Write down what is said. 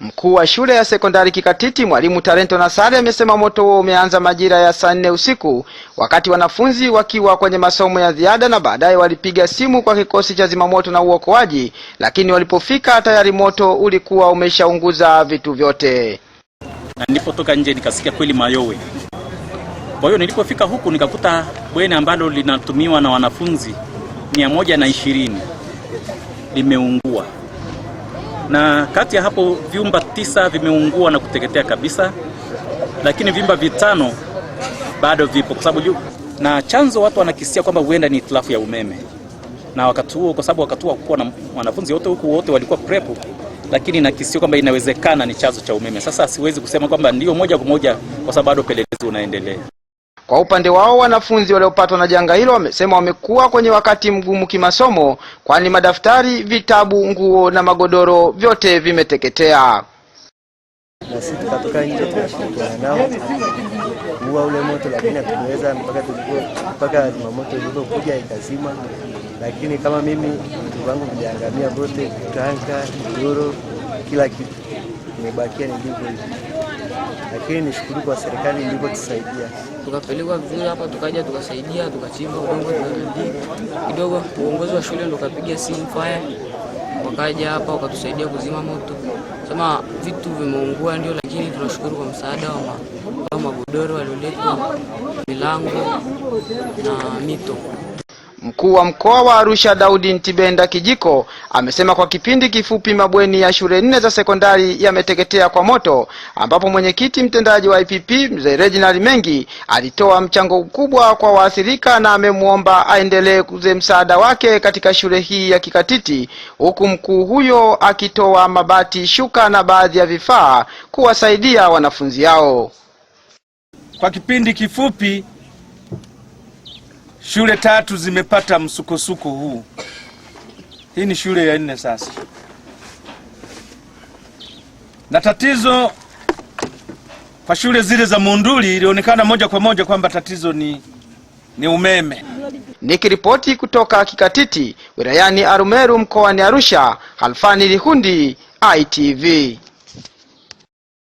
Mkuu wa shule ya sekondari Kikatiti, Mwalimu Tarento Nasari, amesema moto huo umeanza majira ya saa nne usiku wakati wanafunzi wakiwa kwenye masomo ya ziada, na baadaye walipiga simu kwa kikosi cha zimamoto na uokoaji, lakini walipofika tayari moto ulikuwa umeshaunguza vitu vyote. Na nilipotoka nje nikasikia kweli mayowe. Kwa hiyo nilipofika huku nikakuta bweni ambalo linatumiwa na wanafunzi mia moja na ishirini limeungua na kati ya hapo vyumba tisa vimeungua na kuteketea kabisa, lakini vyumba vitano bado vipo, kwa sababu na chanzo watu wanakisia kwamba huenda ni itilafu ya umeme, na wakati huo, kwa sababu wakati huo kuwa na wanafunzi wote huku wote walikuwa prepu, lakini nakisia kwamba inawezekana ni chanzo cha umeme. Sasa siwezi kusema kwamba ndio moja kwa moja, kwa sababu bado upelelezi unaendelea. Kwa upande wao, wanafunzi waliopatwa na janga hilo wamesema wamekuwa kwenye wakati mgumu kimasomo, kwani madaftari, vitabu, nguo na magodoro vyote vimeteketea. Na sisi tukatoka nje tukashirikiana nao kuua ule moto, lakini hatukuweza mpaka tulikuwa mpaka zimamoto ilivyokuja ikazima. Lakini kama mimi vitu vangu viliangamia vyote, tanka, godoro, kila kitu, imebakia ni hivyo lakini nishukuru kwa serikali ndipo tusaidia, tukapelekwa vizuri hapa, tukaja tukasaidia, tukachimba udongo, kidogo. Uongozi wa shule ndio ukapiga simu faya, wakaja hapa wakatusaidia kuzima moto. Sema vitu vimeungua ndio, lakini tunashukuru kwa msaada wa magodoro walioletwa, milango na mito. Mkuu wa mkoa wa Arusha Daudi Ntibenda Kijiko amesema kwa kipindi kifupi mabweni ya shule nne za sekondari yameteketea kwa moto, ambapo mwenyekiti mtendaji wa IPP Mzee Reginald Mengi alitoa mchango mkubwa kwa waathirika na amemwomba aendelee kuze msaada wake katika shule hii ya kikatiti, huku mkuu huyo akitoa mabati, shuka na baadhi ya vifaa kuwasaidia wanafunzi hao kwa kipindi kifupi Shule tatu zimepata msukosuko huu. Hii ni shule ya nne sasa, na tatizo kwa shule zile za Monduli ilionekana moja kwa moja kwamba tatizo ni, ni umeme. Nikiripoti kutoka Kikatiti wilayani Arumeru mkoani Arusha, Halfani Lihundi, ITV.